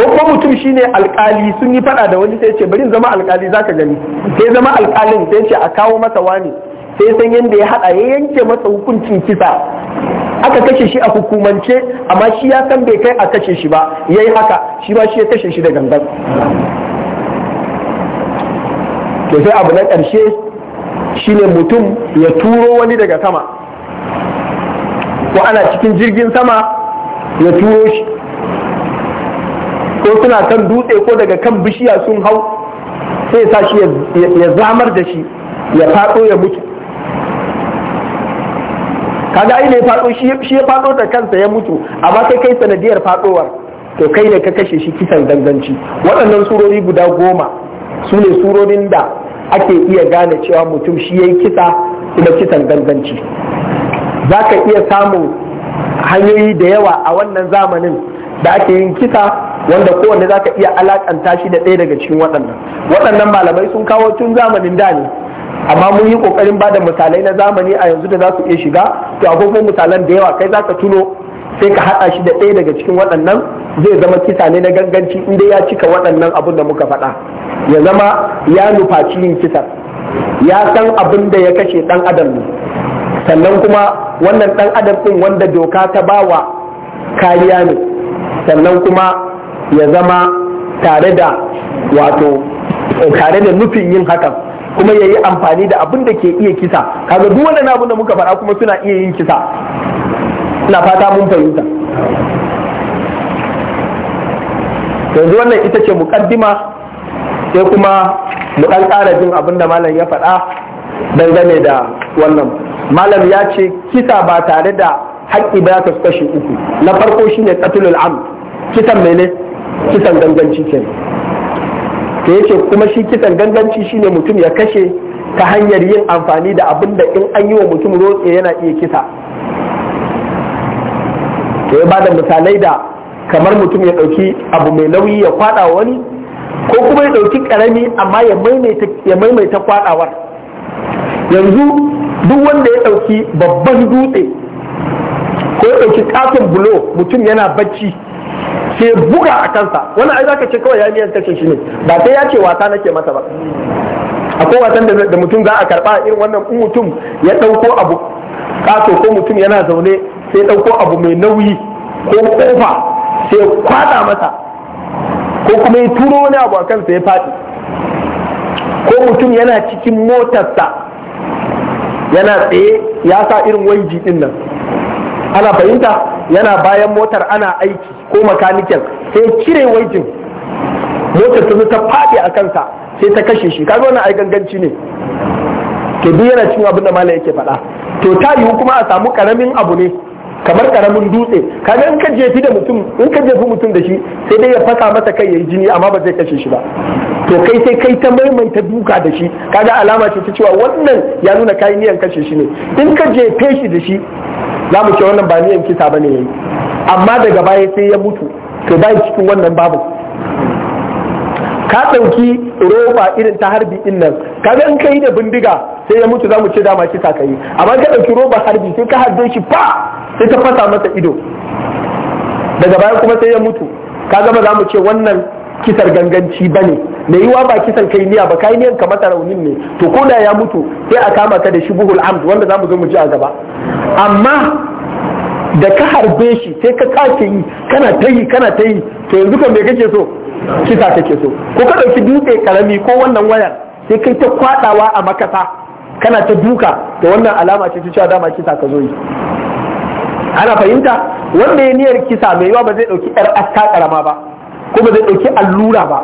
ko kuma mutum shine alkali sun yi fada da wani sai ce bari zama alkali zaka gani sai zama alkalin sai ce a kawo masa wani sai san yanda ya hada ya yanke masa hukuncin kisa aka kashe shi a hukumance amma shi ya san bai kai a kashe shi ba yayi haka shi ba shi ya kashe shi da gangan to sai abu na ƙarshe shine mutum ya turo wani daga sama ko ana cikin jirgin sama ya turo shi ko suna kan dutse ko daga kan bishiya sun hau sai sa shi ya zamar da shi ya faɗo ya mutu kaga ai ne faɗo shi ya faɗo da kansa ya mutu amma kai kai sanadiyar faɗowar to kai ne ka kashe shi kisan ganganci waɗannan surori guda goma su ne surorin da ake iya gane cewa mutum shi ya yi kisa kuma kisan ganganci za ka iya samun hanyoyi da yawa a wannan zamanin da ake yin kisa wanda kowanne za ka iya alakanta shi da ɗaya daga cikin waɗannan waɗannan malamai sun kawo tun zamanin da ne amma mun yi kokarin ba da misalai na zamani a yanzu da za su iya shiga to agogo misalan da yawa kai za ka tuno sai ka haɗa shi da ɗaya daga cikin waɗannan zai zama kisa ne na ganganci inda ya cika waɗannan abun da muka faɗa ya zama ya nufaci yin kisar ya san abin da ya kashe ɗan adam ne sannan kuma wannan ɗan adam ɗin wanda doka ta bawa kariya ne sannan kuma ya zama tare da wato tare da nufin yin hakan kuma ya yi amfani da abin da ke iya kisa kaga duk wannan abin da muka faɗa kuma suna iya yin kisa ina fata mun fahimta yanzu wannan ita ce mukaddima sai kuma mu ɗan ƙara jin abin da malam ya faɗa dangane da wannan malam ya ce kisa ba tare da haƙƙi ba ta kashi uku na farko shine qatlul am kisan mene kisan ganganci ke to yace kuma shi kisan ganganci shine mutum ya kashe ta hanyar yin amfani da abin da in an yi wa mutum rotse yana iya kisa to ba da misalai da kamar mutum ya ɗauki abu mai nauyi ya kwada wani ko kuma ya ɗauki ƙarami amma ya maimaita kwaɗawar yanzu duk wanda ya ɗauki babban dutse ko ya ɗauki ƙaton bulo mutum yana bacci sai buga a kansa wani ai zaka ce kawai ya miyan kashe shi ne ba sai ya ce wasa nake masa ba akwai wasan da mutum za a karba irin wannan in mutum ya dauko abu kato ko mutum yana zaune sai dauko abu mai nauyi ko kofa sai kwada masa ko kuma ya turo wani abu a kansa ya faɗi ko mutum yana cikin motarsa yana tsaye ya sa irin wanji din nan ana fahimta yana bayan motar ana aiki ko makaniken sai cire waitin motar ta ta faɗi a kansa sai ta kashe shi kaga wannan ai ganganci ne ke duk yana cin abin da malam yake faɗa to ta yiwu kuma a samu karamin abu ne kamar karamin dutse kaga in ka jefi da mutum in ka jefi mutum da shi sai dai ya fasa masa kai yayi jini amma ba zai kashe shi ba to kai sai kai ta maimaita duka da shi kaga alama ce ta cewa wannan ya nuna kai niyan kashe shi ne in ka jefe shi da shi za mu ce wannan ba niyan kisa bane yayi amma daga baya sai ya mutu to bai cikin wannan babu ka ɗauki roba irin ta harbi ɗin nan kaga in kai da bindiga sai ya mutu zamu ce dama kisa kai amma ka ɗauki roba harbi sai ka harbe shi fa sai ta fasa masa ido daga baya kuma sai ya mutu ka gama za mu ce wannan kisar ganganci bane ne mai yiwa ba kisan kai niya ba kai niyan ka masa raunin ne to ko da ya mutu sai a kama ka da buhul amd wanda za mu zo mu ji a gaba amma da ka harbe shi sai ka kace yi kana ta yi kana ta yi to yanzu kan me kake so kisa kake so ko ka dauki dutse karami ko wannan wayar sai kai ta kwadawa a makasa kana ta duka to wannan alama ce ta cewa dama kisa ka zo yi ana fahimta wanda ya niyar kisa mai yawa ba zai dauki yar aska karama ba ko ba zai dauki allura ba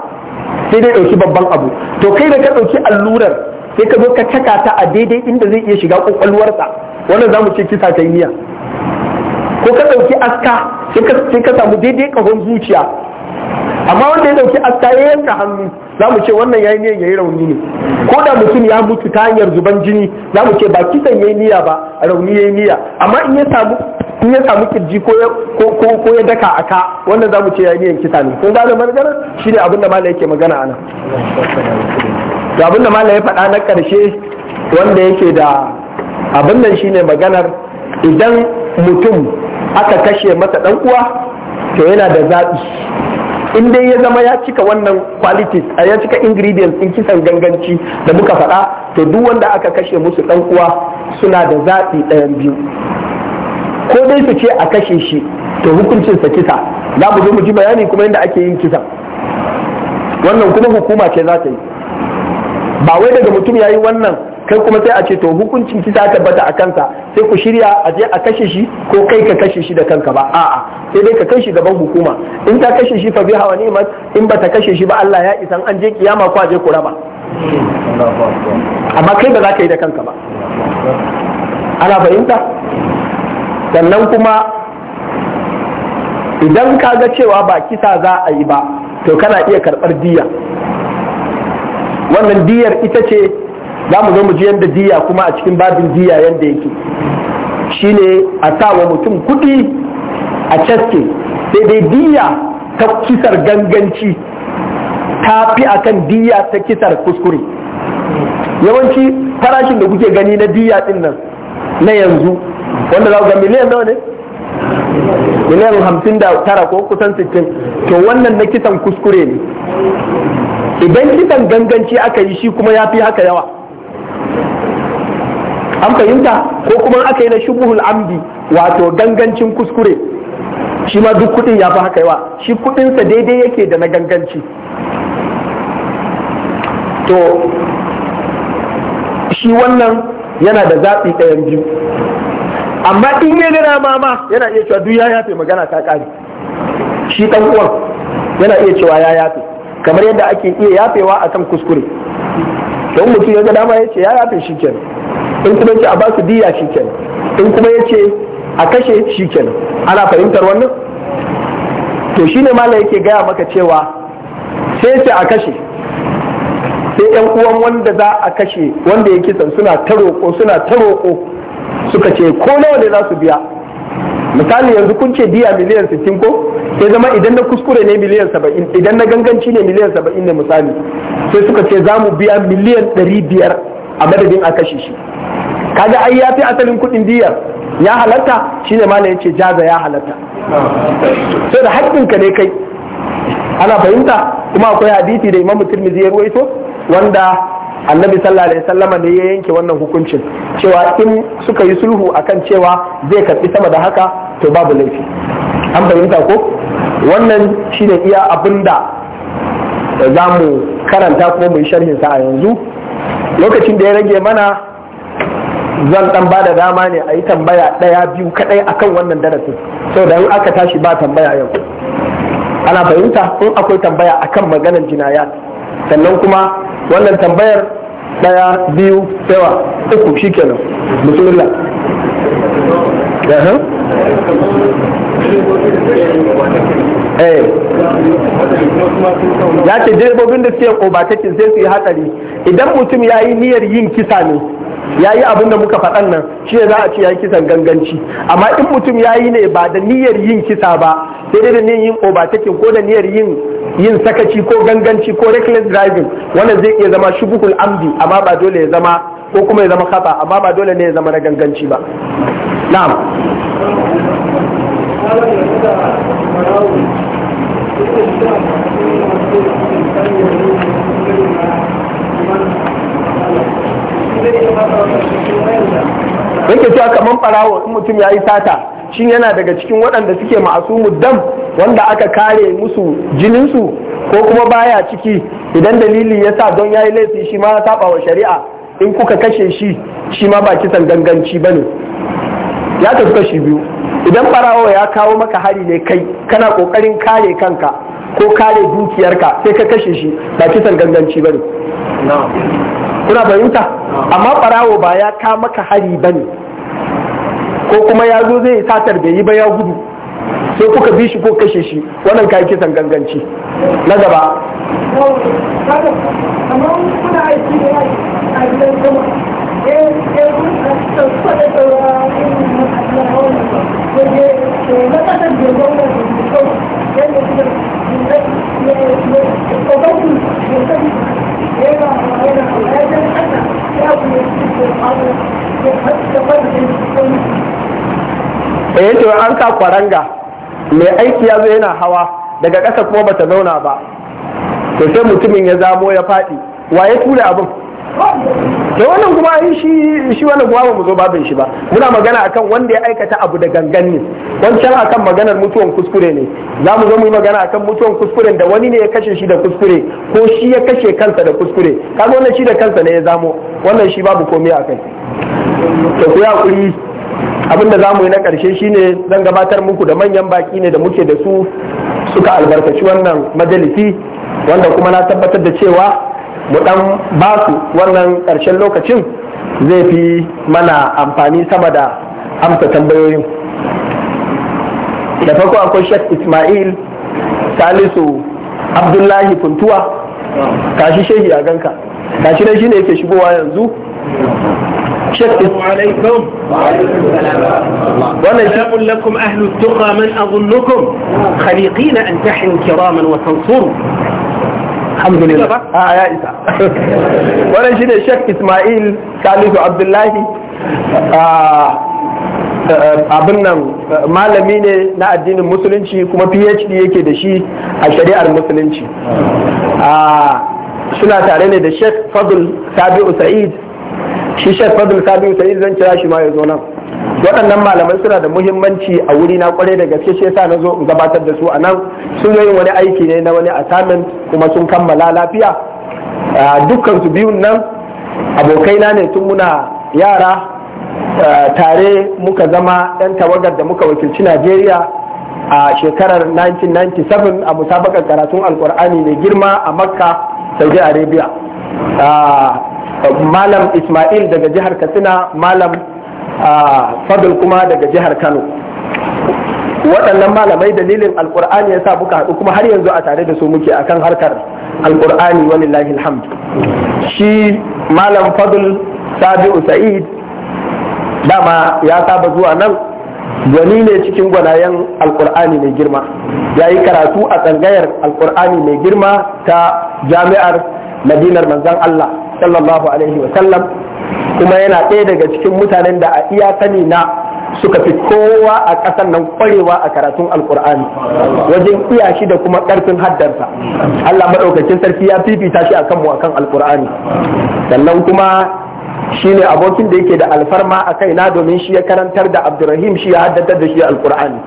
sai dai dauki babban abu to kai da ka dauki allurar sai ka zo ka caka ta a daidai inda zai iya shiga kwakwalwarsa wannan zamu ce kisa ta niyya ko ka ɗauki aska sai ka samu daidai ƙahon zuciya amma wanda ya ɗauki aska ya yanka hannu za mu ce wannan ya yi niyan ya yi rauni ne ko da mutum ya mutu ta hanyar zuban jini za mu ce ba kisan ya yi niyya ba rauni ya yi niyya amma in ya samu in ya samu kirji ko ya daka a ka wannan za mu ce ya yi niyan kisa ne kun gane magana shi ne abin da mala yake magana ana. nan da abin da mala ya faɗa na ƙarshe wanda yake da abin nan ne maganar idan mutum aka kashe masa ɗan uwa to yana da zaɓi in dai ya zama ya cika wannan qualities ya cika ingredients in kisan ganganci da muka faɗa to duk wanda aka kashe musu ɗan uwa suna da zaɓi ɗayan biyu ko dai su ce a kashe shi to hukuncinsa kisa za mu zo mu ji bayani kuma yadda ake yin kisa wannan kuma hukuma ce za ta yi ba wai daga mutum ya yi wannan kai kuma sai a ce to hukuncin kisa tabbata a kansa sai ku shirya a je a kashe shi ko kai ka kashe shi da kanka ba a'a sai dai ka kai shi gaban hukuma in ta kashe shi fa bi hawa ni'mat in ba ta kashe shi ba Allah ya isan an je kiyama ko a je ku raba amma kai ba za ka yi da kanka ba ana fahimta sannan kuma idan ka ga cewa ba kisa za a yi ba to kana iya karɓar diya wannan diyar ita ce za mu zo mu ji yadda diya kuma a cikin babin diya yadda yake ne a sa wa mutum kuɗi a caske sai dai diya ta kisar ganganci ta fi a kan diya ta kisar kuskure yawanci farashin da kuke gani na diya din nan na yanzu wanda za ku ga miliyan nawa ne miliyan hamsin da tara ko kusan sittin to wannan na kisan kuskure ne idan kisan ganganci aka yi shi kuma ya fi haka yawa an fahimta ko kuma aka yi na shubuhul amdi wato gangancin kuskure shi ma duk kudin ya fi haka yawa shi kudinsa daidai yake da na ganganci to shi wannan yana da zaɓi ɗayan biyu amma in ya gana ma ma yana iya cewa duk ya yafe magana ta ƙare shi ɗan uwan yana iya cewa ya yafe kamar yadda ake iya yafewa akan kuskure don mutum ya ga dama ya ce ya yafe shi kenan in kuma yace a ba su diya shikenan in kuma yace a kashe shikenan ana fahimtar wannan to shine malai yake gaya maka cewa sai ce a kashe sai yan uwan wanda za a kashe wanda ya kisan suna ta roko suna ta roƙo suka ce ko nawa ne za su biya misali yanzu kun ce diya miliyan 60 ko sai zama idan na kuskure ne miliyan 70 idan na ganganci ne miliyan 70 ne misali sai suka ce za mu biya miliyan 500 a madadin a kashe shi kaga ai ya fi asalin kudin diyar ya halatta shine ya ce jaza ya halatta sai da haƙƙinka ne kai ana fahimta kuma akwai hadisi da imamu tirmidhi ya ruwaito wanda annabi sallallahu alaihi wasallam ne ya yanke wannan hukuncin cewa in suka yi sulhu akan cewa zai karɓi sama da haka to babu laifi an fahimta ko wannan shi ne iya abinda da za mu karanta kuma mu yi sharhin sa a yanzu lokacin da ya rage mana zan dan bada dama ne a yi tambaya ɗaya biyu kaɗai akan wannan darasin da yau aka tashi ba tambaya yau ana fahimta in akwai tambaya akan maganar jinayat sannan kuma wannan tambayar ɗaya biyu yawa uku shi shikenan bismillah eh. ya ce jirgin da suke obatakin sai su yi hatsari idan mutum ya yi niyyar yin kisa ne ya yi abin da muka faɗan nan shi za a ce ya yi kisan ganganci amma in mutum ya yi ne ba da niyyar yin kisa ba sai dai da niyyar yin obatakin ko da niyyar yin sakaci ko ganganci ko reckless driving wanda zai iya zama shubukul amdi amma ba dole ya zama ko kuma ya zama kafa amma ba dole ne ya zama na ganganci ba na'am Thank you. yake cewa kamar farawo in mutum ya yi sata shi yana daga cikin waɗanda suke masu dam wanda aka kare musu jininsu ko kuma baya ciki idan dalili ya sa don ya yi laifi shi ma saba wa shari'a in kuka kashe shi shi ma ba kisan ganganci ba ne ya tafi kashi biyu idan farawo ya kawo maka hari ne kai kana kokarin kare kanka ko kare dukiyarka sai ka kashe shi ba kisan ganganci ba ne kuna fahimta amma barawo ba ya ka maka hari ba ne ko kuma ya zo zai satar bai yi ba ya gudu sai kuka bi shi ko kashe shi wannan kayi kisan ganganci na gaba Thank you. eh to an sa kwaranga mai aiki ya zo yana hawa daga ƙasa kuma bata zauna ba to sai mutumin ya zamo ya faɗi waye ya abin da wannan kuma yi shi shi wannan kuma mu zo babin shi ba muna magana akan wanda ya aikata abu da gangan ne wancan akan maganar mutuwan kuskure ne za mu zo mu yi magana akan mutuwan kuskure da wani ne ya kashe shi da kuskure ko shi ya kashe kansa da kuskure kaga wannan shi da kansa ne ya zamo wannan shi babu komai akai to ku hakuri abin da zamu yi na karshe shine zan gabatar muku da manyan baki ne da muke da su suka albarkaci wannan majalisi wanda kuma na tabbatar da cewa mu dan ba su wannan ƙarshen lokacin zai fi mana amfani sama da amsa tambayoyin da farko akwai shek ismail salisu abdullahi funtuwa kashi shehi a ganka kashi dai shine yake shigowa yanzu السلام عليكم وسلام لكم أهل التقى من أظنكم خليقين أن تحنوا كراما وتنصروا alhamdulillah a ya isa Ismail Salisu Abdullahi abin nan malami ne na addinin musulunci kuma PhD yake da shi a shari'ar musulunci suna tare ne da Sheikh Fadl Sabi'u Sa'id shi Sheikh Fadl Sabi'u Sa'id zan kira shi ma ya zo nan waɗannan malamai suna da muhimmanci a wuri na kware da gaske shi yasa na zo in gabatar da su a nan sun yi wani aiki ne na wani assignment kuma sun kammala lafiya dukkan su biyun nan abokaina ne tun muna yara tare muka zama ɗan tawagar da muka wakilci Najeriya a shekarar 1997 a musabakar karatun alkur'ani mai girma a makka saudi arabia malam ismail daga jihar katsina malam a Fadul kuma daga jihar kano waɗannan malamai dalilin alkur'ani ya sa muka haɗu kuma har yanzu a tare da su muke akan harkar alkur'ani walillahi alhamd shi malam fadl sabi'u sa'id dama ya saba zuwa nan gwani ne cikin gwanayen alkur'ani mai girma ya yi karatu a tsangayar alkur'ani mai girma ta jami'ar madinar manzan allah sallallahu alaihi wasallam kuma yana ɗaya daga cikin mutanen da a iya sani na suka fi kowa a ƙasar nan ƙwarewa a karatun alkur'ani wajen iya shi da kuma ƙarfin haddarsa Allah maɗaukacin sarki ya fifita shi akan mu akan alkur'ani sannan kuma shi ne abokin da yake da alfarma a kaina domin shi ya karantar da abdurrahim shi ya haddatar da shi alkur'ani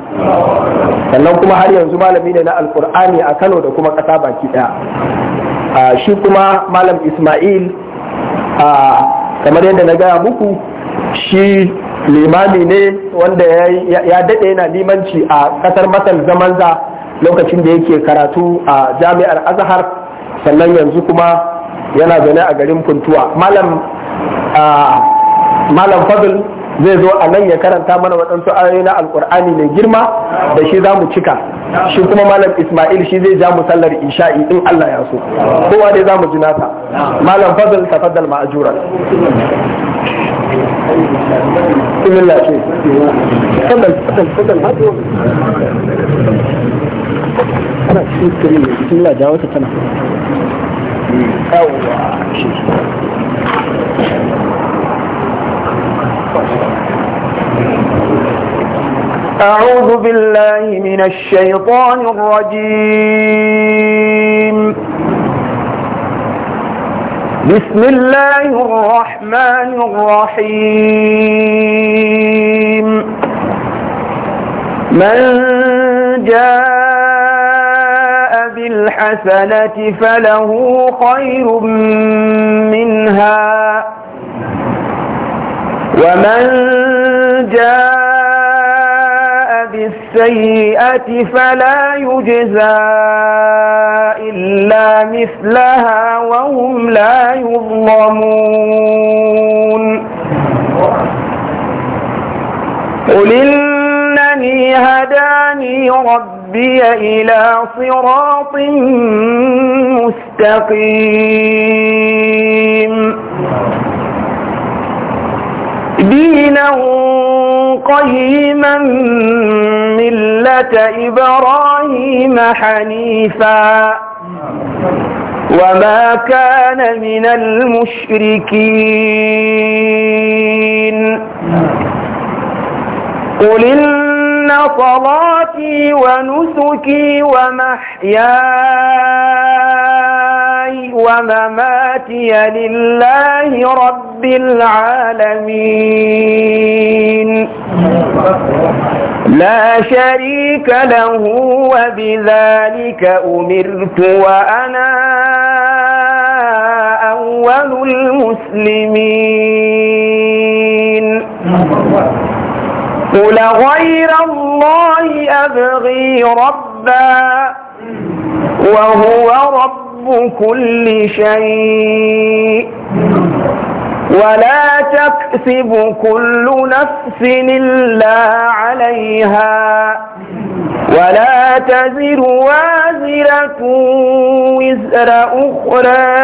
sannan kuma har yanzu malami ne na alkur'ani a kano da kuma ƙasa baki ɗaya shi kuma malam ismail kamar yadda na gaya muku shi limami ne wanda ya daɗe yana limanci a ƙasar masar zaman za lokacin da yake karatu a jami'ar azhar sannan yanzu kuma yana zaune a garin kuntuwa malam ah, malam zai zo a nan ya karanta mana waɗansu ayoyi na alkur'ani mai girma da shi za mu cika shi kuma malam ismail shi zai ja mu sallar isha'i in allah ya so kowa dai za mu ji nata malam fadl tafaddal ma'ajuran بسم الله شيخ أعوذ بالله من الشيطان الرجيم بسم الله الرحمن الرحيم من جاء بالحسنة فله خير منها ومن جاء بالسيئة فلا يجزى إلا مثلها وهم لا يظلمون قل إنني هداني ربي إلى صراط مستقيم دينا قيما ملة إبراهيم حنيفا وما كان من المشركين قل إن صلاتي ونسكي ومحياي محياي ومماتي لله رب العالمين لا شريك له وبذلك أمرت وأنا أول المسلمين قل غير الله أبغي ربا وهو رب رب كل شيء ولا تكسب كل نفس إلا عليها ولا تزر وازرة وزر أخرى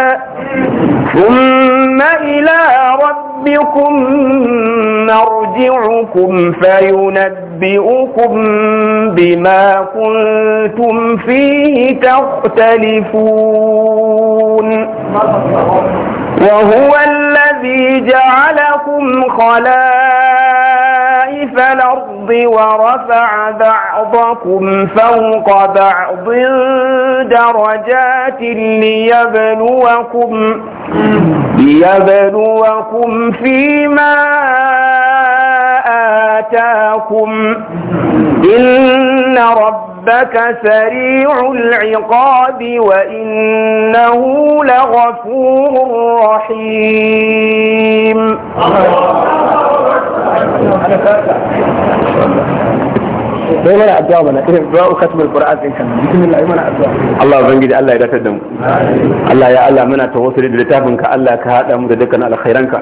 ثم إلى ربكم مرجعكم فينبئكم بما كنتم فيه تختلفون وهو الذي جعلكم خلائق في الأرض ورفع بعضكم فوق بعض درجات ليبلوكم ليبلوكم فيما آتاكم إن ربك سريع العقاب وإنه لغفور رحيم ana kasa sai mana addu'a mana irin du'a katmul qur'an din kan bismillah mana addu'a Allah ubangiji Allah ya datar da mu Allah ya Allah muna tawassuli da littafin ka Allah ka hada mu da dukkan alkhairan ka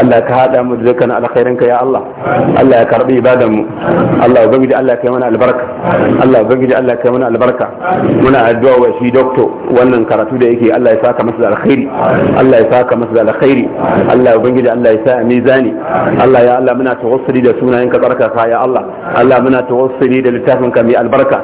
Allah ka hada mu da dukkan alkhairan ka ya Allah Allah ya karbi ibadan mu Allah ubangiji Allah ka yi mana albarka Allah ubangiji Allah ka yi mana albarka muna addu'a wa shi doctor wannan karatu da yake Allah ya saka masa da alkhairi Allah ya saka masa da alkhairi Allah ubangiji Allah ya sa mizani Allah ya Allah muna tawassuli da sunayen ka barka ya Allah Allah muna tawassuli tawassuli da littafin ka mai albarka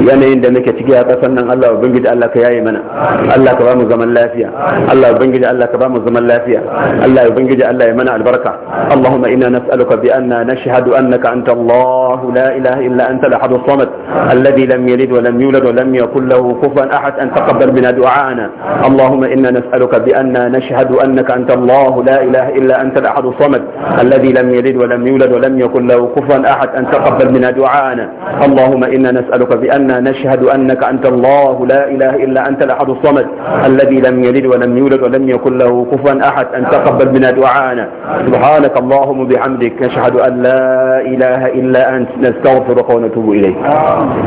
yanayin da muke ciki a kasan nan Allah ubangiji Allah ka yaye mana Allah ka ba mu zaman lafiya Allah ubangiji Allah ka ba mu zaman lafiya Allah ubangiji Allah ya mana albarka Allahumma inna nas'aluka bi anna nashhadu annaka anta Allah la ilaha illa anta al-ahad as-samad alladhi lam yalid wa lam yulad wa lam yakul lahu kufuwan ahad an taqabbal minna du'ana Allahumma inna nas'aluka bi anna nashhadu annaka anta Allah la ilaha illa anta al-ahad as-samad alladhi lam yalid wa lam yulad wa lam yakul lahu kufuwan ahad an taqabbal minna du'ana سبحانا اللهم إنا نسألك بأن نشهد أنك أنت الله لا إله إلا أنت الأحد الصمد الذي لم يلد ولم يولد ولم يكن له كفوا أحد أن تقبل منا دعانا سبحانك اللهم بحمدك نشهد أن لا إله إلا أنت نستغفرك ونتوب إليك